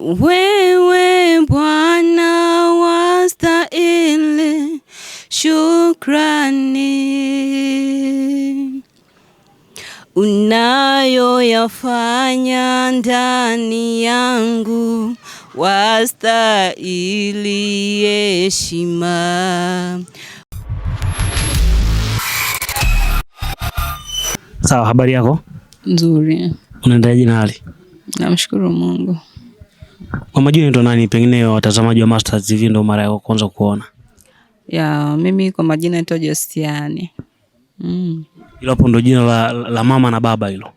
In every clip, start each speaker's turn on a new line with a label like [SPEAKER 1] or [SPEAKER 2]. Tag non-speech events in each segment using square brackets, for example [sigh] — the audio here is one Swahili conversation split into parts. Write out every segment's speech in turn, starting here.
[SPEAKER 1] Wewe Bwana wastahili shukrani, unayoyafanya ndani yangu wastahili heshima. Sawa, habari yako?
[SPEAKER 2] Nzuri.
[SPEAKER 1] Unaendaje na hali?
[SPEAKER 2] Namshukuru Mungu
[SPEAKER 1] kwa majina ndo nani? Pengine watazamaji wa Mastaz TV ndo mara ya kwanza kuona.
[SPEAKER 2] Ya, mimi kwa majina naitwa Justiani.
[SPEAKER 1] Mm. Hilo hapo ndo jina la, la mama na baba hilo.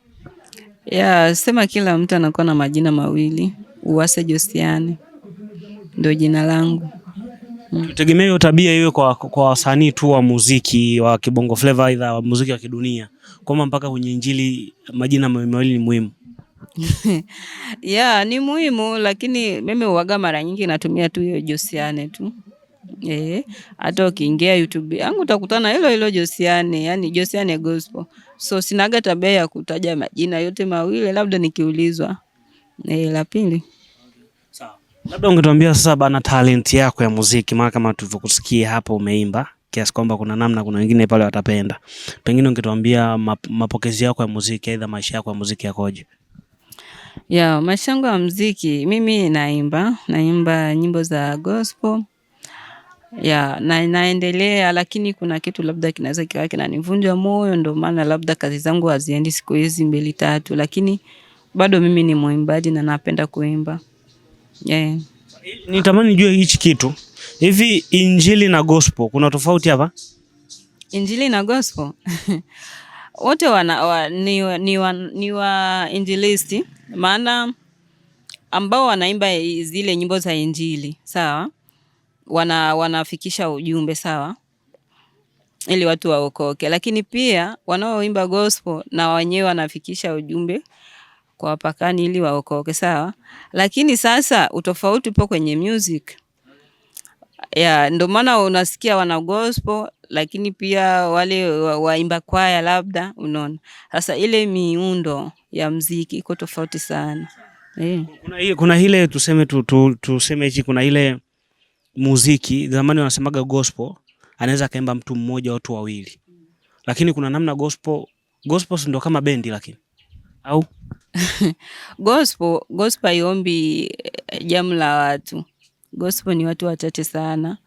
[SPEAKER 2] Ya, sema kila mtu anakuwa na majina mawili. Uwase Justiani ndo jina langu.
[SPEAKER 1] Mm. Tutegemea hiyo tabia iwe kwa, kwa wasanii tu wa muziki wa kibongo flavor, aidha wa muziki wa kidunia, kwamba mpaka kwenye Injili majina mawili ni muhimu. [laughs]
[SPEAKER 2] ya Yeah, ni muhimu lakini mimi uwaga mara nyingi natumia tu hiyo Josiane tu. Eh, hata ukiingia YouTube yangu utakutana hilo hilo Josiane, yani Josiane Gospel. So sinaga tabia ya kutaja majina yote mawili labda nikiulizwa. Eh, la pili.
[SPEAKER 1] Sawa. Labda ungetuambia sasa bana talent yako ya muziki, maana kama tulivyokusikia hapa umeimba kiasi kwamba kuna namna, kuna wengine pale watapenda. Pengine ungetuambia map, mapokezi yako ya muziki, aidha maisha yako ya muziki yakoje?
[SPEAKER 2] Yeah, maisha yangu ya mziki, mimi naimba, naimba nyimbo za gospel. Yeah, na naendelea lakini kuna kitu labda kinaweza kikawa kinanivunja moyo ndio maana labda kazi zangu haziendi siku hizi mbili tatu lakini bado mimi ni mwimbaji na napenda kuimba.
[SPEAKER 1] Yeah. Nitamani jue hichi kitu. Hivi injili na gospel kuna tofauti hapa?
[SPEAKER 2] Injili na gospel? [laughs] wote wana, wa, ni, ni, wa, ni wa injilisti, maana ambao wanaimba zile nyimbo za Injili sawa, wana wanafikisha ujumbe sawa, ili watu waokoke, lakini pia wanaoimba gospel na wenyewe wanafikisha ujumbe kwa wapakani ili waokoke sawa, lakini sasa utofauti upo kwenye music ya yeah, ndio maana unasikia wana gospel lakini pia wale waimba kwaya labda, unaona sasa ile miundo ya mziki iko tofauti sana
[SPEAKER 1] eh. Kuna, kuna ile tuseme tu, tu, tuseme hichi kuna ile muziki zamani wanasemaga gospel anaweza akaimba mtu mmoja watu wawili, lakini kuna namna gospel gospel ndio kama bendi lakini au
[SPEAKER 2] [laughs] gospel gospel iombi eh, jamu la watu. Gospel ni watu wachache sana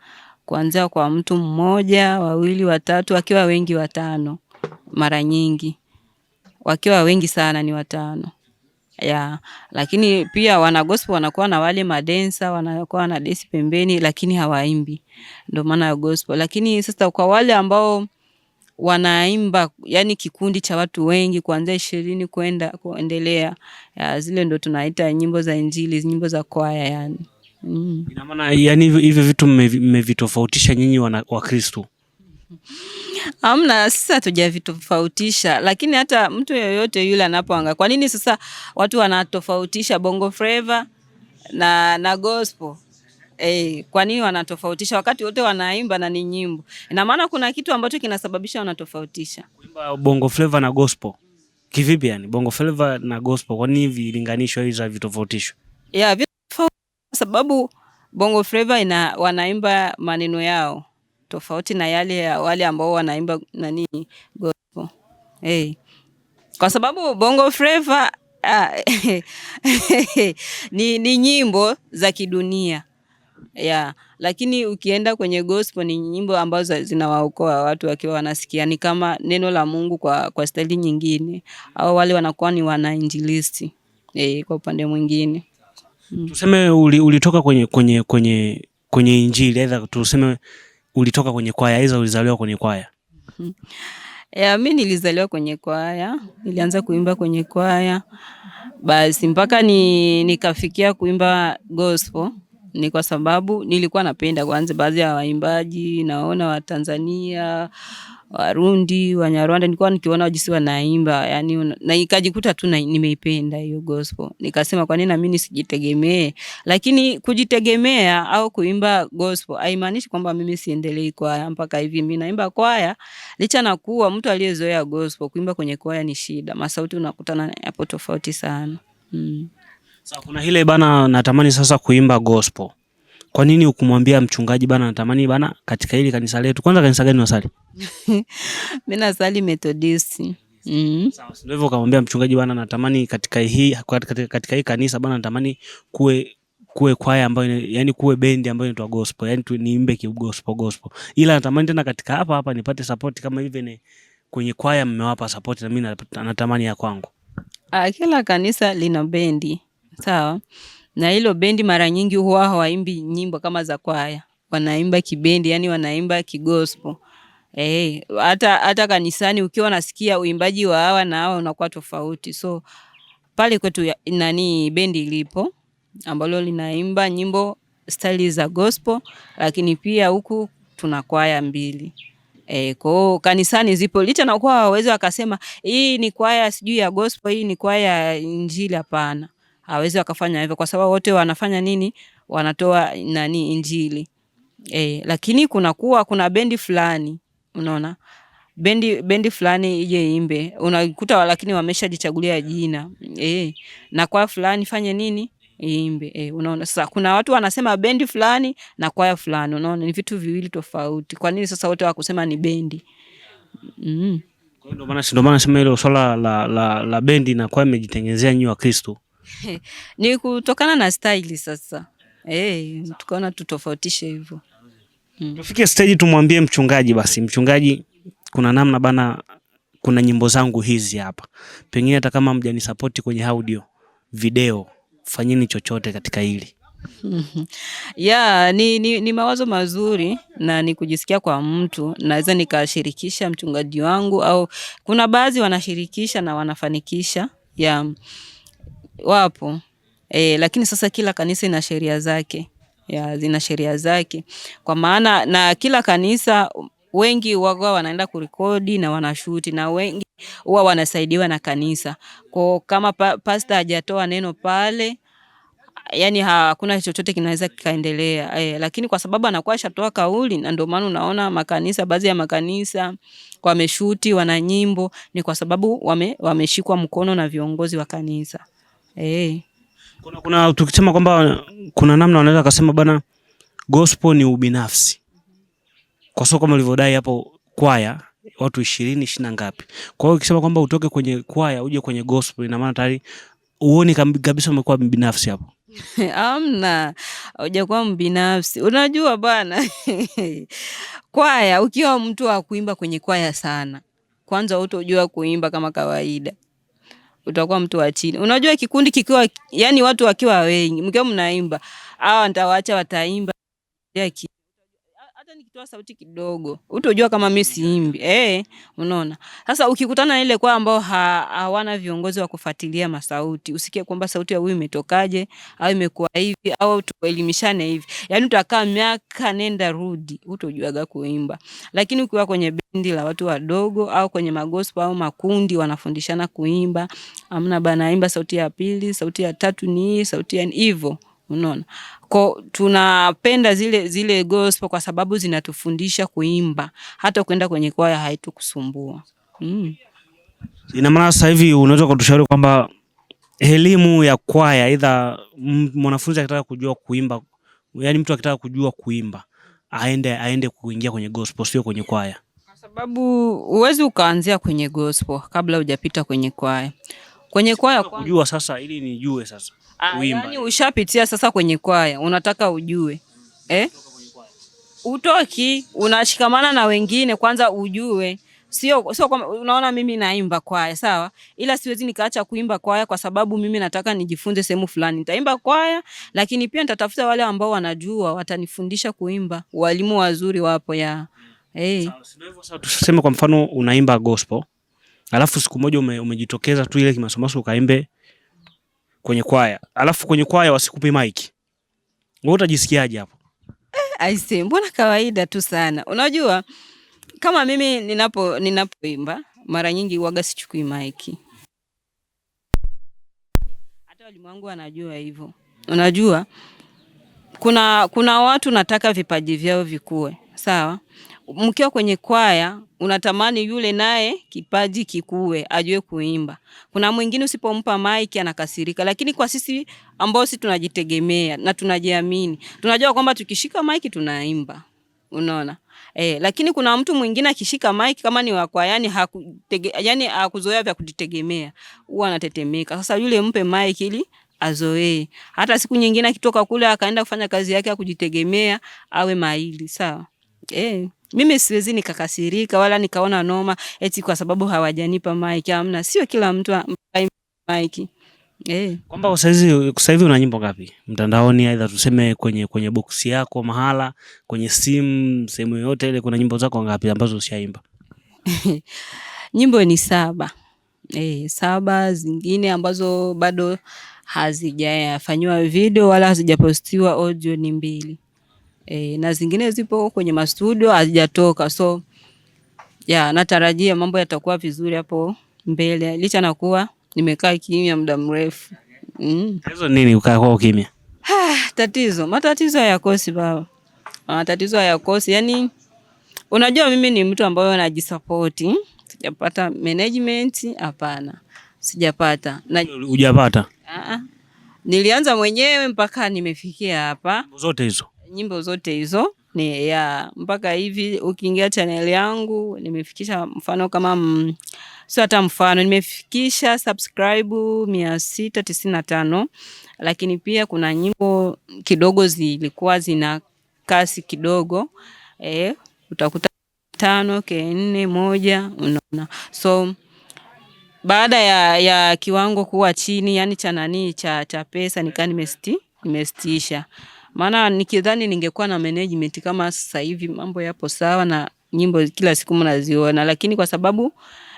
[SPEAKER 2] kuanzia kwa mtu mmoja, wawili, watatu, wakiwa wengi watano. Mara nyingi wakiwa wengi sana ni watano ya lakini pia wana gospel wanakuwa na wale madensa wanakuwa na desi pembeni, lakini hawaimbi, ndio maana ya gospel. Lakini sasa kwa wale ambao wanaimba, yani kikundi cha watu wengi kuanzia ishirini kwenda kuendelea, zile ndo tunaita nyimbo za Injili, nyimbo za kwaya yani.
[SPEAKER 1] Mm. Ina maana yani hivyo vitu mmevitofautisha nyinyi Kristo?
[SPEAKER 2] Hamna, sisi hatujavitofautisha, lakini hata mtu yoyote yule anapoanga, kwa nini sasa watu wanatofautisha bongo flava na, na gospel eh? Kwa nini wanatofautisha wakati wote wanaimba na ni nyimbo? Ina maana kuna kitu ambacho kinasababisha wanatofautisha
[SPEAKER 1] kuimba bongo flava na gospel. Kivipi yani bongo flava na gospel, kwa nini vilinganisho hizo vitofautisho?
[SPEAKER 2] yeah, sababu Bongo Flava ina wanaimba maneno yao tofauti na yale ya wale ambao wanaimba nani gospel. Hey. Kwa sababu Bongo Flava ah, [laughs] ni, ni nyimbo za kidunia yeah. Lakini ukienda kwenye gospel ni nyimbo ambazo zinawaokoa watu wakiwa wanasikia, ni kama neno la Mungu kwa, kwa staili nyingine, au wale wanakuwa ni wanainjilisti hey, kwa upande mwingine
[SPEAKER 1] Tuseme uli, ulitoka kwenye kwenye kwenye kwenye Injili, aidha tuseme ulitoka kwenye kwaya, aidha ulizaliwa kwenye kwaya mm -hmm.
[SPEAKER 2] Ya, mi nilizaliwa kwenye kwaya, nilianza kuimba kwenye kwaya basi mpaka ni, nikafikia kuimba gospel. Ni kwa sababu nilikuwa napenda kwanza baadhi ya waimbaji, naona Watanzania Warundi, Wanyarwanda, nilikuwa nikiona jinsi wanaimba yani, na nikajikuta tu nimeipenda hiyo gospel. Nikasema kwa nini mimi nisijitegemee? Lakini kujitegemea au kuimba gospel haimaanishi kwamba mimi siendelei kwaya. Mpaka hivi mimi naimba kwaya, licha na kuwa mtu aliyezoea gospel, kuimba kwenye kwaya ni shida, masauti unakutana hapo tofauti sana. Mm.
[SPEAKER 1] Sasa kuna ile bana, natamani sasa kuimba gospel kwa nini ukumwambia mchungaji bana, natamani bana, katika hili kanisa letu? Kwanza kanisa gani unasali? Mimi
[SPEAKER 2] [laughs] nasali Methodist.
[SPEAKER 1] Mm. Sawa, ndio hivyo ukamwambia mchungaji bana, natamani katika hii katika, katika hii kanisa bana, natamani kuwe kuwe kwaya ambayo yani kuwe bendi ambayo inaitwa gospel, yani niimbe ki gospel gospel. Ila natamani tena katika hapa hapa nipate support kama hivi ni kwenye kwaya mmewapa support na mimi natamani ya kwangu.
[SPEAKER 2] Ah, kila kanisa lina bendi. Sawa. So, na hilo bendi mara nyingi huwa hawaimbi nyimbo kama za kwaya, wanaimba kibendi, yani wanaimba kigospo. Eh, hata hata kanisani ukiwa nasikia uimbaji wa hawa na hawa unakuwa tofauti. So pale kwetu ya, nani bendi ilipo ambalo linaimba nyimbo staili za gospel, lakini pia huku tuna kwaya mbili E, eh, kwao kanisani zipo licha na kuwa waweze wakasema hii ni kwaya sijui ya gospel, hii ni kwaya ya Injili. Hapana, hawezi wakafanya hivyo, kwa sababu wote wanafanya nini? Wanatoa nani? Injili. E, lakini kuna kuwa kuna bendi fulani unaona bendi bendi fulani ije imbe, unakuta lakini wameshajichagulia jina e, na kwa fulani fanye nini imbe e, unaona. Sasa kuna watu wanasema bendi fulani na kwaya fulani, unaona ni vitu viwili tofauti. Kwa nini sasa wote wakusema ni bendi?
[SPEAKER 1] mm. Ndio maana ndio maana sema hilo swala la, la, la bendi na kwaya imejitengenezea nyinyi wa Kristo
[SPEAKER 2] [laughs] ni kutokana na staili sasa. Hey, eh, tukaona tutofautishe hivyo
[SPEAKER 1] hmm. Tufike stage tumwambie mchungaji basi, mchungaji, kuna namna bana, kuna nyimbo zangu hizi hapa, pengine hata kama mjanisapoti kwenye audio video, fanyeni chochote katika hili [laughs]
[SPEAKER 2] yeah, ni, ni, ni mawazo mazuri na ni kujisikia kwa mtu, naweza nikashirikisha mchungaji wangu, au kuna baadhi wanashirikisha na wanafanikisha yeah. Wapo e, lakini sasa kila kanisa ina sheria zake ya, zina sheria zake kwa maana na kila kanisa wengi huwa wanaenda kurekodi na wanashuti na wengi huwa wanasaidiwa na kanisa kwa kama pa, pasta hajatoa neno pale yani hakuna chochote kinaweza kikaendelea e, lakini kwa sababu anakuwa ashatoa kauli, na ndio maana unaona makanisa, baadhi ya makanisa wameshuti, wana nyimbo, ni kwa sababu wame, wameshikwa mkono na viongozi wa kanisa. Eh.
[SPEAKER 1] Kuna, kuna tukisema kwamba kuna namna wanaweza akasema bana, gospel ni ubinafsi kwa sababu kama ulivyodai hapo kwaya watu ishirini ishirini na ngapi. Kwa hiyo ukisema kwamba utoke kwenye kwaya uje kwenye gospel, ina maana tayari uoni kabisa umekuwa mbinafsi hapo.
[SPEAKER 2] [laughs] Amna, hujakuwa mbinafsi. Unajua bwana [laughs] kwaya, ukiwa mtu wa kuimba kwenye kwaya sana, kwanza utojua kuimba kama kawaida utakuwa mtu wa chini. Unajua kikundi kikiwa, yani watu wakiwa wengi, mkiwa mnaimba, hawa ntawaacha wataimba nikitoa sauti kidogo utojua kama mimi siimbi eh, unaona. Sasa ukikutana na ile kwa ambao hawana ha, viongozi wa kufuatilia masauti, usikie kwamba sauti ya huyu imetokaje au imekuwa hivi au tuelimishane hivi, yani utakaa miaka nenda rudi utojuaga kuimba. Lakini ukiwa kwenye bendi la watu wadogo au kwenye magospel au makundi wanafundishana kuimba, amna bana, imba sauti ya pili, sauti ya tatu ni hii, sauti ya hivyo Unaona? Kwa tunapenda zile zile gospel kwa sababu zinatufundisha kuimba, hata kwenda kwenye kwaya haitukusumbua. Mm.
[SPEAKER 1] Ina maana sasa hivi unaweza kutushauri kwamba elimu ya kwaya, aidha mwanafunzi akitaka kujua kuimba, yani mtu akitaka kujua kuimba aende aende kuingia kwenye gospel, sio kwenye kwaya,
[SPEAKER 2] kwa sababu huwezi ukaanzia kwenye gospel kabla hujapita kwenye kwaya.
[SPEAKER 1] Kwenye kwaya kujua sasa, ili nijue sasa
[SPEAKER 2] Ah, yani ushapitia sasa kwenye kwaya, unataka ujue eh? Utoki, unashikamana na wengine kwanza, ujue sio sio kwa, unaona mimi naimba kwaya sawa, ila siwezi nikaacha kuimba kwaya kwa sababu mimi nataka nijifunze sehemu fulani. Nitaimba kwaya, lakini pia nitatafuta wale ambao wanajua watanifundisha kuimba. Walimu wazuri wapo ya hey. Eh.
[SPEAKER 1] Tuseme kwa mfano unaimba gospel, alafu siku moja ume, umejitokeza tu ile kimasomaso ukaimbe kwenye kwaya, alafu kwenye kwaya wasikupe maiki, wewe utajisikiaje hapo?
[SPEAKER 2] aise, eh, mbona kawaida tu sana. Unajua kama mimi ninapo ninapoimba mara nyingi waga sichukui maiki, hata walimu wangu wanajua hivyo. Unajua kuna kuna watu nataka vipaji vyao vikue, sawa mkiwa kwenye kwaya unatamani yule naye kipaji kikuwe, ajue kuimba. Kuna mwingine usipompa maiki anakasirika, lakini kwa sisi ambao sisi tunajitegemea na tunajiamini, tunajua kwamba tukishika maiki tunaimba, unaona eh. Lakini kuna mtu mwingine akishika maiki kama ni wakwa, yani hakutege, yani hakuzoea vya kujitegemea, huwa anatetemeka. Sasa yule mpe maiki ili azoee, hata siku nyingine akitoka kule akaenda kufanya kazi yake ya kujitegemea awe maili, sawa eh. Mimi siwezi nikakasirika wala nikaona noma eti kwa sababu hawajanipa maiki, Amna, Sio kila mtu maiki eh,
[SPEAKER 1] kwamba sasa sasa hivi una nyimbo ngapi mtandaoni, aidha tuseme kwenye kwenye box yako mahala, kwenye simu, sehemu yoyote ile, kuna nyimbo zako ngapi ambazo ushaimba?
[SPEAKER 2] [laughs] Nyimbo ni saba eh, saba zingine ambazo bado hazijafanyiwa video wala hazijapostiwa audio ni mbili e, na zingine zipo kwenye mastudio hazijatoka, so ya natarajia mambo yatakuwa vizuri hapo mbele, licha na kuwa nimekaa kimya muda mrefu.
[SPEAKER 1] hizo Mm. Nini ukaa kwa ukimya?
[SPEAKER 2] Ah, tatizo, matatizo hayakosi baba, matatizo ah, hayakosi. Yani unajua mimi ni mtu ambaye najisapoti, sijapata management, hapana, sijapata
[SPEAKER 1] na... Hujapata? Ah,
[SPEAKER 2] nilianza mwenyewe mpaka nimefikia hapa. Zote hizo nyimbo zote hizo ni ya mpaka hivi. Ukiingia chaneli yangu nimefikisha mfano kama m... sio hata mfano, nimefikisha subscribe mia sita tisini na tano, lakini pia kuna nyimbo kidogo zilikuwa zina kasi kidogo eh, utakuta tano ke nne moja, unaona so baada ya, ya kiwango kuwa chini yani cha nani cha, cha pesa nikaa nimesti nimestiisha maana nikidhani ningekuwa na management kama sasa hivi mambo yapo sawa na nyimbo kila siku mnaziona, lakini kwa sababu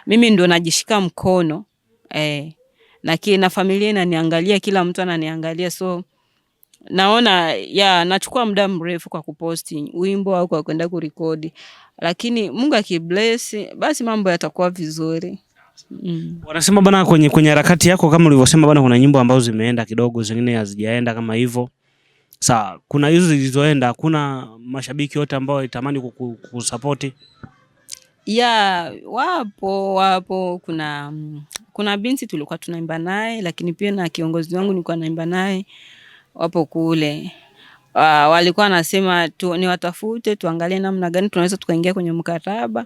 [SPEAKER 2] mimi ndo najishika mkono eh, na kina familia inaniangalia, kila mtu ananiangalia, so naona ya nachukua muda mrefu kwa kuposti wimbo au kwa kwenda kurekodi, lakini Mungu akibless basi mambo yatakuwa vizuri.
[SPEAKER 1] Mm. Wanasema bana, kwenye kwenye harakati yako kama ulivyosema bana, kuna nyimbo ambazo zimeenda kidogo, zingine hazijaenda kama hivyo Sawa, kuna hizo zilizoenda, kuna mashabiki wote ambao walitamani kusapoti
[SPEAKER 2] Ya, wapo wapo. Kuna kuna binti tulikuwa tunaimba naye, lakini pia na kiongozi wangu nilikuwa naimba naye, wapo kule. Uh, walikuwa wanasema tu, niwatafute tuangalie namna gani tunaweza tukaingia kwenye mkataba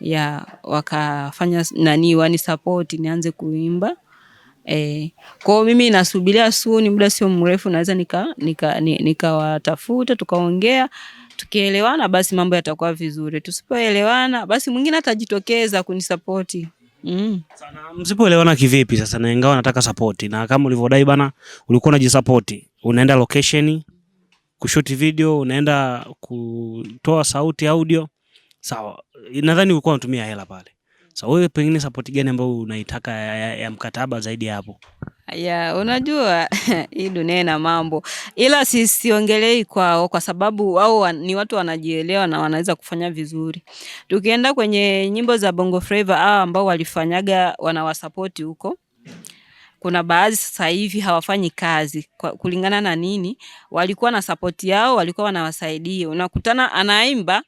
[SPEAKER 2] ya wakafanya nani wani support nianze kuimba Eh, kwa hiyo mimi nasubiria suni muda sio mrefu naweza nika nikawatafuta nika tukaongea, tukielewana basi mambo yatakuwa vizuri. Tusipoelewana basi mwingine atajitokeza kunisapoti. Mm.
[SPEAKER 1] Sana msipoelewana kivipi sasa, na ingawa nataka support na kama ulivyodai bana, ulikuwa unajisupport, unaenda location kushoot video, unaenda kutoa sauti audio, sawa. Nadhani ulikuwa unatumia hela pale sasa wewe pengine support gani ambayo unaitaka ya, ya, ya mkataba zaidi ya hapo?
[SPEAKER 2] Ya, unajua [laughs] hii dunia ina mambo, ila sisiongelei kwao kwa sababu au ni watu wanajielewa na wanaweza kufanya vizuri. Tukienda kwenye nyimbo za Bongo Flava hao ambao walifanyaga wanawasapoti huko, kuna baadhi sasa hivi hawafanyi kazi kwa, kulingana na nini? Walikuwa na sapoti yao, walikuwa wanawasaidia. Unakutana anaimba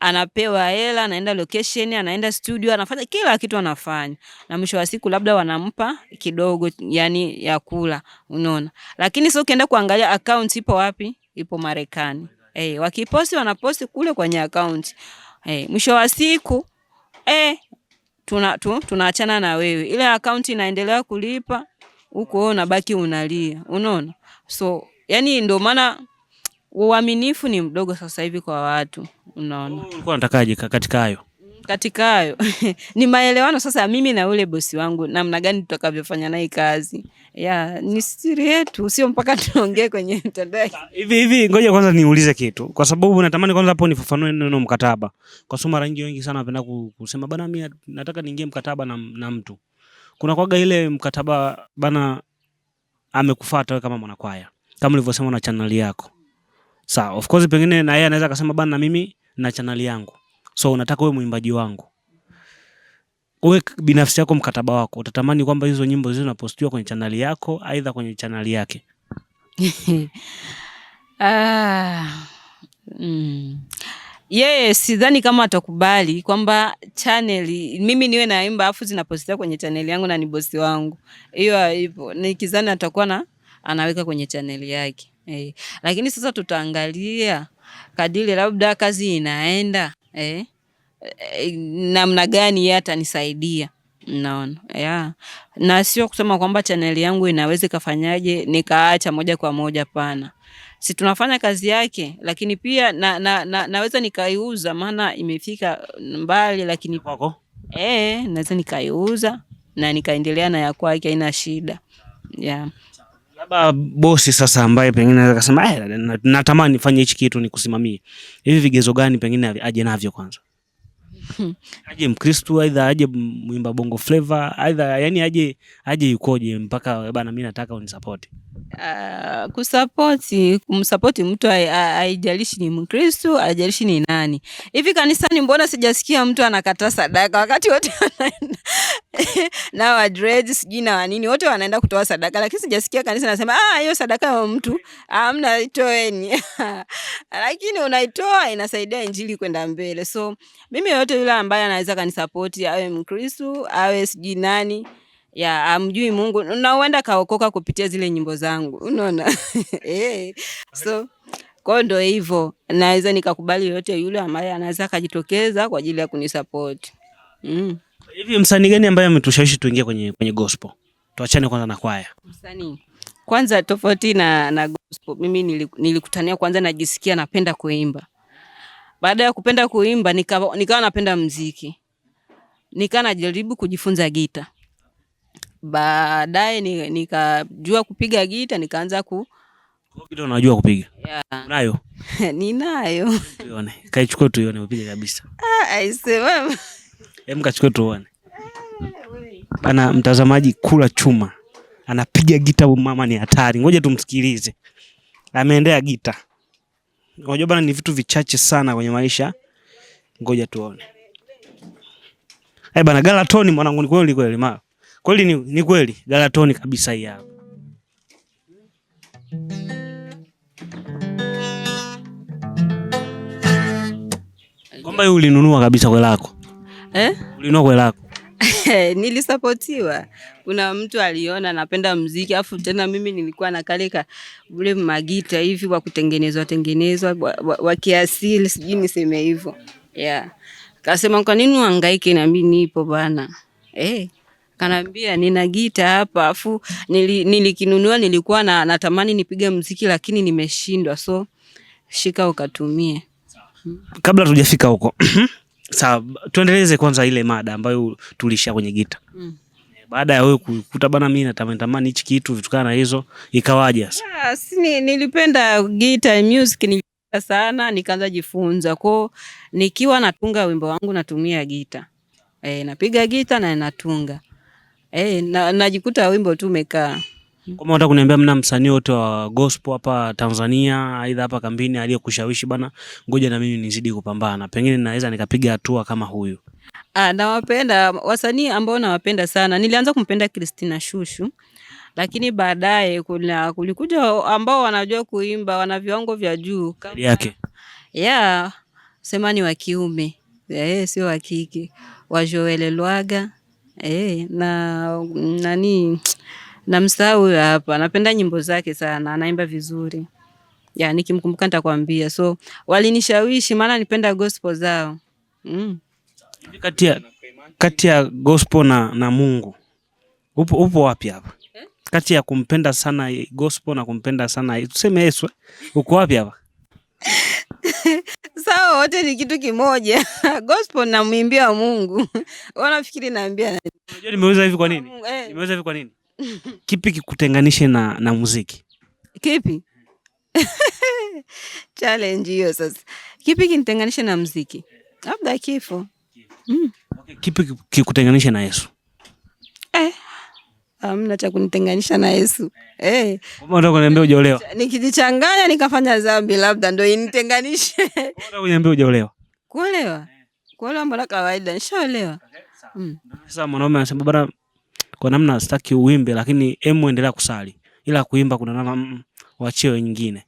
[SPEAKER 2] anapewa hela, anaenda location, anaenda studio, anafanya kila kitu anafanya, na mwisho wa siku labda wanampa kidogo, yani ya kula, unaona. Lakini sio ukienda kuangalia account ipo wapi, ipo Marekani. Eh, wakiposti wanaposti kule kwenye account. Eh, mwisho wa siku eh, tuna tu, tunaachana na wewe, ile account inaendelea kulipa huko, wewe unabaki unalia, unaona. So yani ndio maana uaminifu ni mdogo sasa hivi kwa watu, unaona. Mm,
[SPEAKER 1] ulikuwa unatakaje katika hayo?
[SPEAKER 2] Katika hayo [laughs] ni maelewano sasa, mimi na ule bosi wangu, namna gani tutakavyofanya naye kazi ya ni siri yetu, sio mpaka [laughs] tuongee kwenye mtandao
[SPEAKER 1] hivi hivi. Ngoja kwanza niulize kitu, kwa sababu natamani kwanza hapo nifafanue neno mkataba, kwa sababu mara nyingi wengi sana wanapenda kusema bana, mimi nataka niingie mkataba na, na mtu. Kuna kwaga ile mkataba bana, amekufuata wewe kama mwanakwaya, kama ulivyosema na chaneli yako Sawa, of course pengine na yeye anaweza akasema bana, mimi na chaneli yangu, so unataka wewe mwimbaji wangu. Wewe binafsi yako, mkataba wako utatamani kwamba hizo nyimbo zizo zinapostiwa kwenye chaneli yako, aidha kwenye chaneli yake [laughs]
[SPEAKER 2] ah, mm. Yeye sidhani kama atakubali kwamba channel mimi niwe naimba afu zinapostia kwenye channel yangu na ni bosi wangu. Hiyo haipo, nikizani atakuwa na anaweka kwenye channel yake eh. Lakini sasa tutaangalia kadiri labda kazi inaenda eh, eh, namna gani yeye atanisaidia naona yeah. Na sio kusema kwamba chaneli yangu inaweza ikafanyaje nikaacha moja kwa moja, pana si tunafanya kazi yake, lakini pia na, na, na, naweza nikaiuza, maana imefika mbali, lakini kwako eh, naweza nikaiuza na nikaendelea na ya kwake, haina shida yeah
[SPEAKER 1] labda bosi sasa ambaye pengine anaweza kusema eh, natamani nifanye hichi kitu, nikusimamie, hivi vigezo gani pengine aje navyo kwanza? [laughs] aje Mkristu aidha aje mwimba bongo flava aidha yani aje aje yukoje mpaka bana, mi nataka unisapoti?
[SPEAKER 2] Uh, ah, kusapoti kumsapoti mtu haijalishi ni Mkristu haijalishi ni nani. Hivi kanisani, mbona sijasikia mtu anakataa sadaka? Wakati wote [laughs] wanaenda na wa dreads sijui na wanini wote wanaenda kutoa sadaka, lakini sijasikia kanisa nasema ah, hiyo sadaka ya mtu amna itoeni. [laughs] Lakini unaitoa inasaidia injili kwenda mbele, so mimi yote yule ambaye anaweza kanisapoti, awe Mkristu awe sijui nani ya amjui Mungu na huenda kaokoka kupitia zile nyimbo zangu, unaona hey. [laughs] Eh, eh. So kwao ndo hivyo, naweza nikakubali yote yule ambaye anaweza kajitokeza kwa ajili ya kunisapoti
[SPEAKER 1] mm. Hivi msanii gani ambaye ametushawishi tuingie kwenye, kwenye gospel? Tuachane kwanza na kwaya. Msanii
[SPEAKER 2] kwanza, tofauti na, na gospel, mimi nilikutania kwanza, najisikia napenda kuimba baada ya kupenda kuimba nikawa nika napenda mziki, nikaa najaribu kujifunza gita. Baadaye nikajua kupiga gita, nikaanza ku
[SPEAKER 1] gita. Unajua kupiga? Yeah. [laughs]
[SPEAKER 2] Ninayo. Ah,
[SPEAKER 1] tuone. Kaichukua tu upiga kabisa. Hem, kachukua tuone Bana, mtazamaji kula chuma anapiga gita, mama ni hatari. Ngoja tumsikilize, ameendea gita. Unajua bana, ni vitu vichache sana kwenye maisha. Ngoja tuone. Eh bana, Galatoni mwanangu, ni kweli kweli ma kweli ni, ni kweli Galatoni kabisa hii hapa. Kwamba ulinunua kabisa kwelako eh? Ulinunua kwelako
[SPEAKER 2] [laughs] nilisapotiwa. Kuna mtu aliona napenda mziki, afu tena mimi nilikuwa na ule magita hivi wa kutengenezwa tengenezwa wa kiasili, sijui niseme hivyo yeah. Kasema kwa nini uhangaike na mimi nipo bana eh. Kanaambia nina gita hapa, afu nilikinunua, nili nilikuwa na natamani nipige mziki lakini nimeshindwa, so shika ukatumie.
[SPEAKER 1] Hmm. Kabla tujafika huko [clears throat] Sawa, tuendeleze kwanza ile mada ambayo tulisha kwenye gita mm. Baada ya wewe kukuta bana, mimi natamani tamani hichi kitu vitukana na hizo, ikawaje
[SPEAKER 2] sasa? Yes, ah, ni, nilipenda gita music ni sana, nikaanza jifunza kwao. Nikiwa natunga wimbo wangu natumia gita e, napiga gita na natunga e, na, najikuta wimbo tu umekaa
[SPEAKER 1] kama unataka kuniambia mna msanii wote wa gospel hapa Tanzania, aidha hapa kambini aliyekushawishi bana, ngoja na mimi nizidi kupambana, pengine naweza nikapiga hatua kama huyu.
[SPEAKER 2] Ah, nawapenda wasanii ambao nawapenda sana. Nilianza kumpenda Christina Shushu lakini baadaye kuna kulikuja ambao wanajua kuimba, wana viwango vya juu
[SPEAKER 1] kama yake
[SPEAKER 2] yeah, semani wa kiume eh, sio wa kike, wa Joel Lwaga eh, na nani Namsahau huyo hapa, napenda nyimbo zake sana, anaimba vizuri ya, nikimkumbuka nitakwambia. So walinishawishi, maana nipenda gospel zao mm.
[SPEAKER 1] Kati ya kati ya gospel na, na Mungu upo, upo wapi hapa eh? Kati ya kumpenda sana gospel na kumpenda sana tuseme Yesu, uko wapi hapa?
[SPEAKER 2] [laughs] Sawa, wote ni kitu kimoja. [laughs] Gospel namwimbia Mungu. [laughs] Wanafikiri naambia.
[SPEAKER 1] Unajua nimeuza hivi kwa nini? Eh. Nimeuza hivi kwa nini? Kipi kikutenganishe na, na muziki?
[SPEAKER 2] Kipi? [laughs] Challenge hiyo sasa. Kipi kinitenganishe na mziki Labda kifo.
[SPEAKER 1] Mm. Kipi kikutenganishe na Yesu?
[SPEAKER 2] Eh, hamna cha kunitenganisha na Yesu. Eh. Kama Nikijichanganya nikafanya dhambi labda ndio initenganishe.
[SPEAKER 1] Kama unataka
[SPEAKER 2] Kuolewa? Kuolewa mbona kawaida, nishaolewa.
[SPEAKER 1] Hmm. Sasa mwanaume anasema bwana kwa namna sitaki uimbe, lakini emu endelea kusali, ila kuimba kuna namna mm, mm, wachie wengine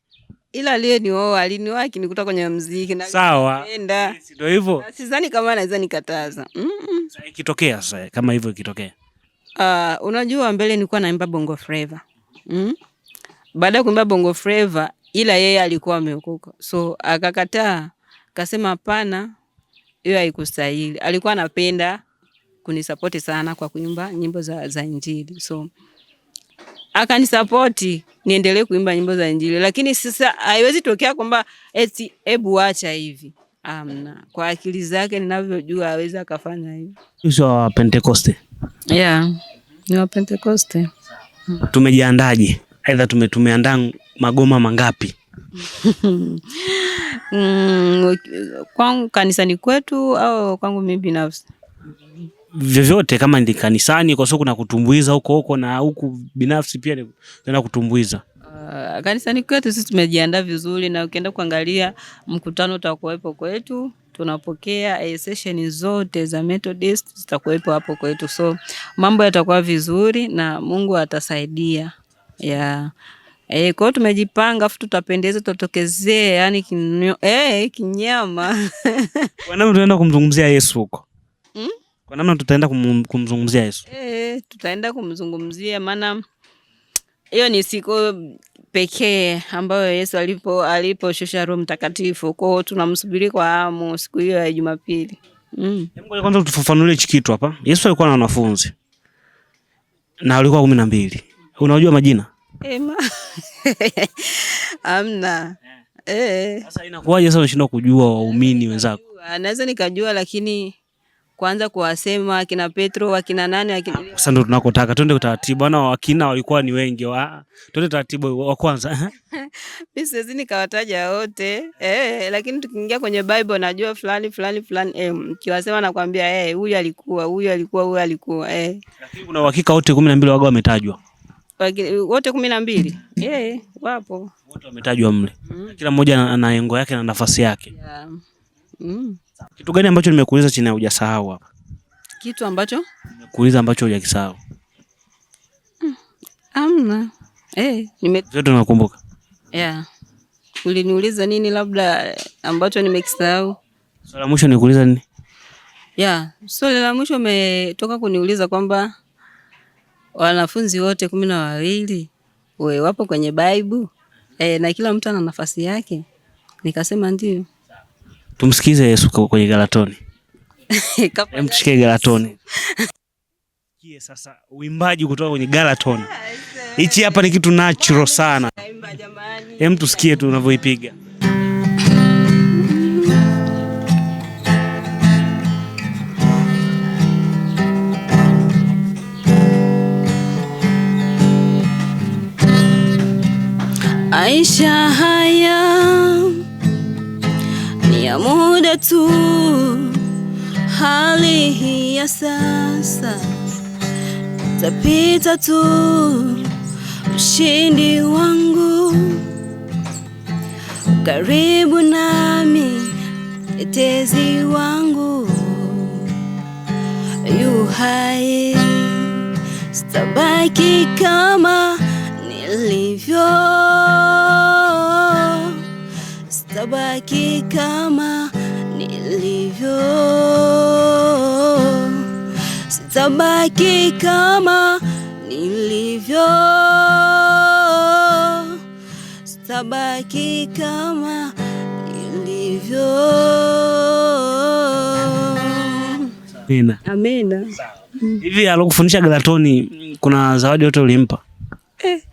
[SPEAKER 2] ila aliyenioa alinioa kinikuta kwenye mziki
[SPEAKER 1] na sawa, ndio hivyo.
[SPEAKER 2] Sidhani kama naweza nikataza mm
[SPEAKER 1] -mm. Ikitokea sasa kama hivyo ikitokea,
[SPEAKER 2] uh, unajua mbele nilikuwa naimba bongo flava mm? Baada ya kuimba bongo flava, ila yeye alikuwa ameokoka, so akakataa, akasema hapana, hiyo haikustahili. Alikuwa anapenda kunisapoti sana kwa kuimba nyimbo za, za Injili. So akanisapoti niendelee kuimba nyimbo za Injili, lakini sasa haiwezi tokea kwamba eti hebu acha hivi. Amna, kwa akili zake ninavyojua aweza akafanya hivi.
[SPEAKER 1] Hizo wa Pentekoste.
[SPEAKER 2] Yeah. Ni wa Pentekoste.
[SPEAKER 1] Hmm. Tumejiandaje? Aidha tume tumeandaa magoma mangapi? [laughs]
[SPEAKER 2] Mm, kwangu kanisani kwetu au kwangu mimi binafsi?
[SPEAKER 1] vyovyote, kama ni kanisani, kwa sababu kuna kutumbuiza huko huko na huku binafsi pia tena kutumbuiza.
[SPEAKER 2] Uh, kanisani kwetu sisi tumejiandaa vizuri, na ukienda kuangalia mkutano utakuwepo kwetu tunapokea eh, sesheni zote za Methodist zitakuwepo hapo kwetu, so mambo yatakuwa vizuri na Mungu atasaidia yeah. Eh, kwao tumejipanga, afu tutapendeza, tutatokezee yani kinyo, eh, kinyama.
[SPEAKER 1] [laughs] Wanamu tunaenda kumzungumzia Yesu huko hmm? Kwa namna tutaenda kum, kumzungumzia Yesu
[SPEAKER 2] e, tutaenda kumzungumzia maana hiyo ni siku pekee ambayo Yesu alipo aliposhusha Roho Mtakatifu. Kwa hiyo tunamsubiri kwa hamu siku hiyo ya Jumapili.
[SPEAKER 1] Mm. Kwanza tufafanulie hichi kitu hapa. Yesu alikuwa na wanafunzi na alikuwa kumi na mbili. Unajua majina?
[SPEAKER 2] Ema. Eh, [laughs] Amna. Eh. eh. Sasa
[SPEAKER 1] inakuwaje sasa unashindwa kujua waumini wenzako?
[SPEAKER 2] Anaweza nikajua lakini kuanza kuwasema akina Petro akina nani akina...
[SPEAKER 1] Sasa ndo tunakotaka twende utaratibu, ana wakina walikuwa ni wengi wa twende taratibu wa kwanza
[SPEAKER 2] mimi [laughs] [laughs] siwezi nikawataja wote eh, lakini tukiingia kwenye Bible najua fulani fulani fulani eh, kiwasema nakwambia eh, huyu alikuwa huyu alikuwa huyu alikuwa eh,
[SPEAKER 1] lakini kuna uhakika wote kumi na mbili waga wametajwa
[SPEAKER 2] wote kumi na mbili [laughs] eh, wapo
[SPEAKER 1] wote wametajwa mle, mm. kila mmoja ana engo yake na nafasi yake yeah. mm. Kitu gani ambacho nimekuuliza chini hujasahau hapa?
[SPEAKER 2] Kitu ambacho
[SPEAKER 1] nimekuuliza ambacho hujakisahau?
[SPEAKER 2] Mm, Amna. Eh,
[SPEAKER 1] nime Zote nakumbuka.
[SPEAKER 2] Yeah. Uliniuliza nini labda ambacho nimekisahau?
[SPEAKER 1] Swali la mwisho nikuuliza nini?
[SPEAKER 2] Yeah, swali la mwisho umetoka kuniuliza kwamba wanafunzi wote kumi na wawili we wapo kwenye baibu Eh, na kila mtu ana nafasi yake. Nikasema ndio.
[SPEAKER 1] Tumsikize Yesu kwenye galatoni [laughs] tushike galatoni Kie sasa uimbaji kutoka kwenye galatoni. Hichi hapa ni kitu natural sana. Hem, tusikie tu unavyoipiga. Aisha tu hali hii ya sasa tapita tu, ushindi wangu karibu nami, tetezi wangu yu hai, sitabaki kama nilivyo, sitabaki kama nilivyo, sitabaki kama nilivyo, sitabaki kama nilivyo. Amina. Amina. Hivi alokufundisha Galatoni kuna zawadi yote ulimpa? Eh. [laughs]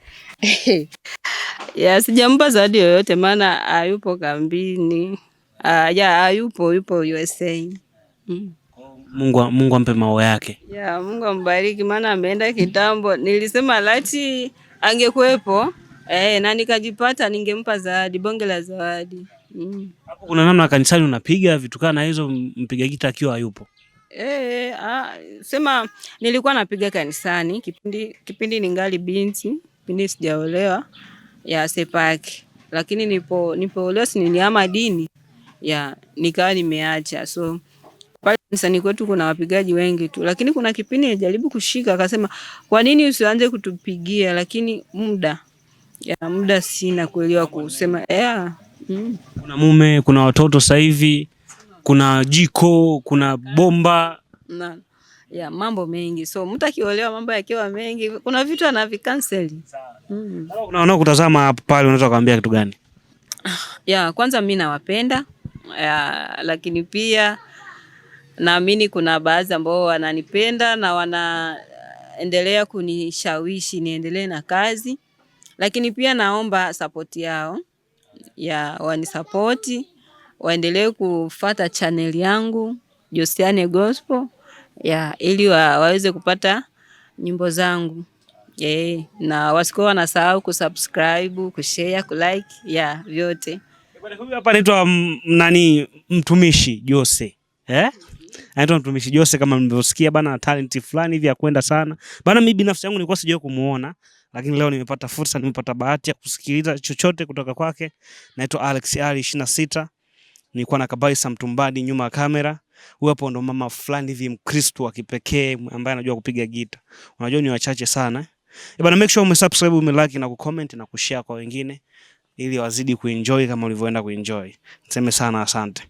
[SPEAKER 2] Ya, sijampa zawadi yoyote maana hayupo kambini. Uh, ah, ya yupo yupo USA. Mm.
[SPEAKER 1] Mungu, Mungu ampe mao yake.
[SPEAKER 2] Ya, Mungu ambariki maana ameenda kitambo. Nilisema lati angekuwepo eh, na nikajipata ningempa zawadi, bonge la zawadi. Mm.
[SPEAKER 1] kuna namna kanisani unapiga vitu kana hizo, mpiga gita akiwa hayupo.
[SPEAKER 2] E, ah, sema nilikuwa napiga kanisani kipindi kipindi ningali binti, kipindi sijaolewa ya sepaki, lakini nipo leo si niliama dini ya nikawa nimeacha so pale kanisani kwetu kuna wapigaji wengi tu, lakini kuna kipindi nilijaribu kushika, akasema kwa nini usianze kutupigia, lakini muda ya muda sina kuelewa kusema yeah.
[SPEAKER 1] mm. Kuna mume, kuna watoto sasa hivi, kuna jiko, kuna bomba na,
[SPEAKER 2] ya mambo mengi, so mtu akiolewa mambo yakiwa mengi, kuna vitu anavikanseli.
[SPEAKER 1] mm. Unaona kutazama hapo pale, unaweza kuambia kitu gani?
[SPEAKER 2] [sighs] ya kwanza, mimi nawapenda ya, lakini pia naamini kuna baadhi ambao wananipenda na wanaendelea kunishawishi niendelee na kazi, lakini pia naomba sapoti yao ya wanisapoti, waendelee kufata chaneli yangu Josiane Gospel ya ili wa, waweze kupata nyimbo zangu yeah, na wasikuwa wanasahau kusubscribe, kushare, kulike ya yeah, vyote
[SPEAKER 1] huyu hapa anaitwa mm, nani? Mtumishi Jose eh? Anaitwa Mtumishi Jose kama mlivyosikia bana, na talent fulani hivi ya kwenda sana bana. Mimi binafsi yangu nilikuwa sijawahi kumuona, lakini leo nimepata fursa, nimepata bahati ya kusikiliza chochote kutoka kwake. Naitwa Alex Ali 26 nilikuwa na Kabaisa Mtumbadi nyuma ya kamera. Huyu hapo ndo mama fulani hivi Mkristo wa kipekee ambaye anajua kupiga gita. Unajua ni wachache sana. Eh, eh bana, make sure umesubscribe, umelike na kucomment na kushare kwa wengine ili wazidi kuenjoy kama ulivyoenda kuenjoy. Niseme sana asante.